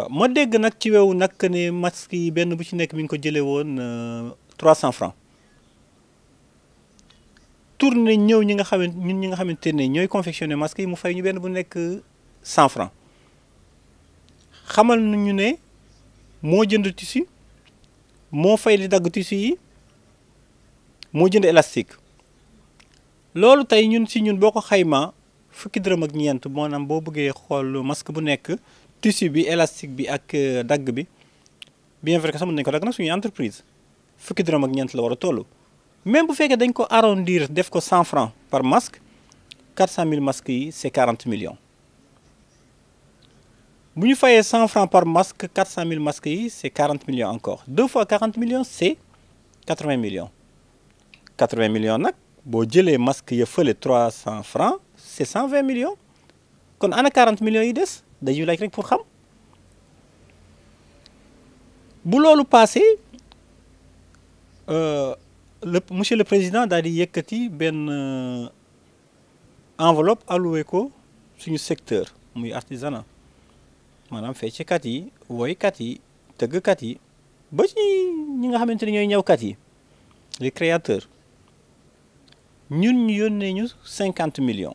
Euh, ma dégg nag ci wewu nag ne mask yi benn bu ci nekk mi ngi ko jëlee woon 300 euh, francs tourné ñëw ñi nga xamante ñun ñi nga xamante ne ñooy confectionné masque yi mu fay ñu benn bu nekk 100 francs xamal nu ñu ne moo jënd tissu moo fay li dagg tissu yi moo jënd élastique loolu tey ñun si ñun boo ko xayma fukki dërëm ak ñeent maanaam boo bëggee xool masque bu nekk tissu élastique bi ak euh, bien vrai que sama entreprise Il faut que la même si vous dañ ko arrondir 100 francs par masque 400 000 masques c'est 40 millions Si vous 100 francs par masque 400 000 masques c'est 40 millions encore deux fois 40 millions c'est 80 millions 80 millions si les masques, masque ya les 300 francs c'est 120 millions kon a 40 millions yi dañuy laaj rek pour bu passé euh, le monsieur le président daal di yëkkati une euh, enveloppe alloué secteur artisanat maanaam yi woykat yi tëggkat yi ba les créateurs ñun ñu millions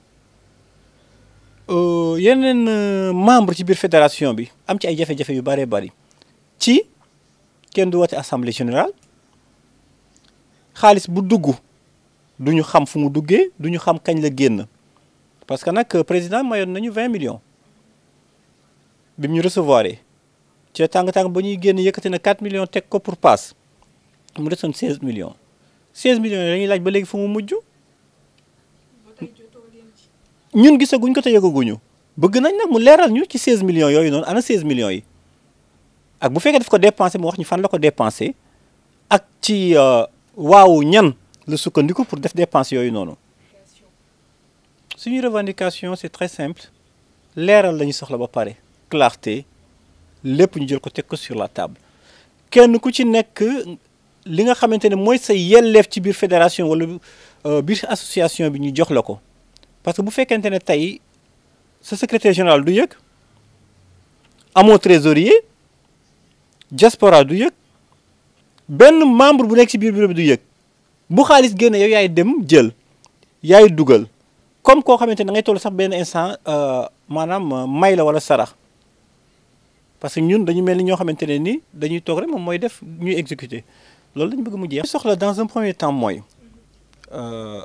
Euh, yeneen euh, membre ci biir fédération bi am ci ay jafe-jafe yu bëree bëri ci kenn du woote assemblée générale xaalis bu dugg du ñu xam fu mu duggee du ñu xam kañ la génn parce que nag euh, président mayoon nañu vingt millions bi mu ñu recevoir ci tàng-tàng ba ñuy génn yëkkati na quatre millions teg ko pour passe mu desoon seize millions seize millions ya dañuy laaj ba léegi fu mu mujj. ñun gisaguñ ko te yëgaguñu bëgg nañ nag mu leeral ñu ci 16 millions yooyu noonu ana 16 millions yi ak bu fekkee daf ko dépensé mu wax ñu fan la ko dépensé ak ci euh, waaw ñan la sukkandiku pour def dépense yooyu noonu suñu revendication c'est très simple leeral lañu soxla ba pare clarté lépp ñu jël ko teg ko sur la table kenn ku ci nekk li nga xamante ne mooy sa yelleef ci biir fédération wala euh, biir association bi ñu jox la ko parce que vous faites un taille, ce secrétaire général du yëg mon trésorier diaspora du ben membre bu ci Vous bureau du dugal comme avez un Parce ngay vous sax un instant ou euh, euh, la parce que nous, nous mel un ni def nous dans un premier temps euh,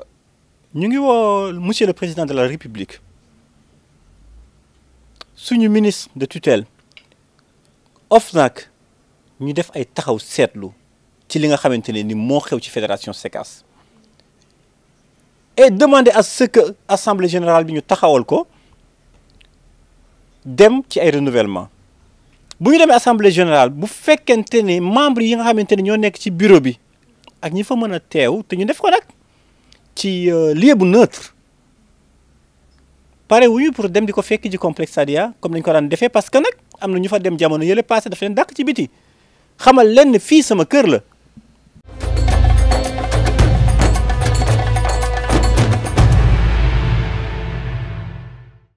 ñu ngi woo monsieur le président de la république suñu ministre de tutelle Ofnak, ñu def ay taxaw seetlu ci li nga xamante ne ni moo xew ci fédération SECAS et demander à ce que assemblée générale bi ñu taxawal ko dem ci ay renouvellement bu ñu demee assemblée générale bu fekkente ne membres yi nga xamante ñoo nekk ci bureau bi ak ñi fa mëna a té ñu def ko nak ci euh, lieu bu neutre pare wuñu pour dem di ko fekk ji complexaria comme nañ ko daan defee parce que nag am nañu fa dem jamono yële passé dafa leen dàq ci biti xamal lenn fii sama kër la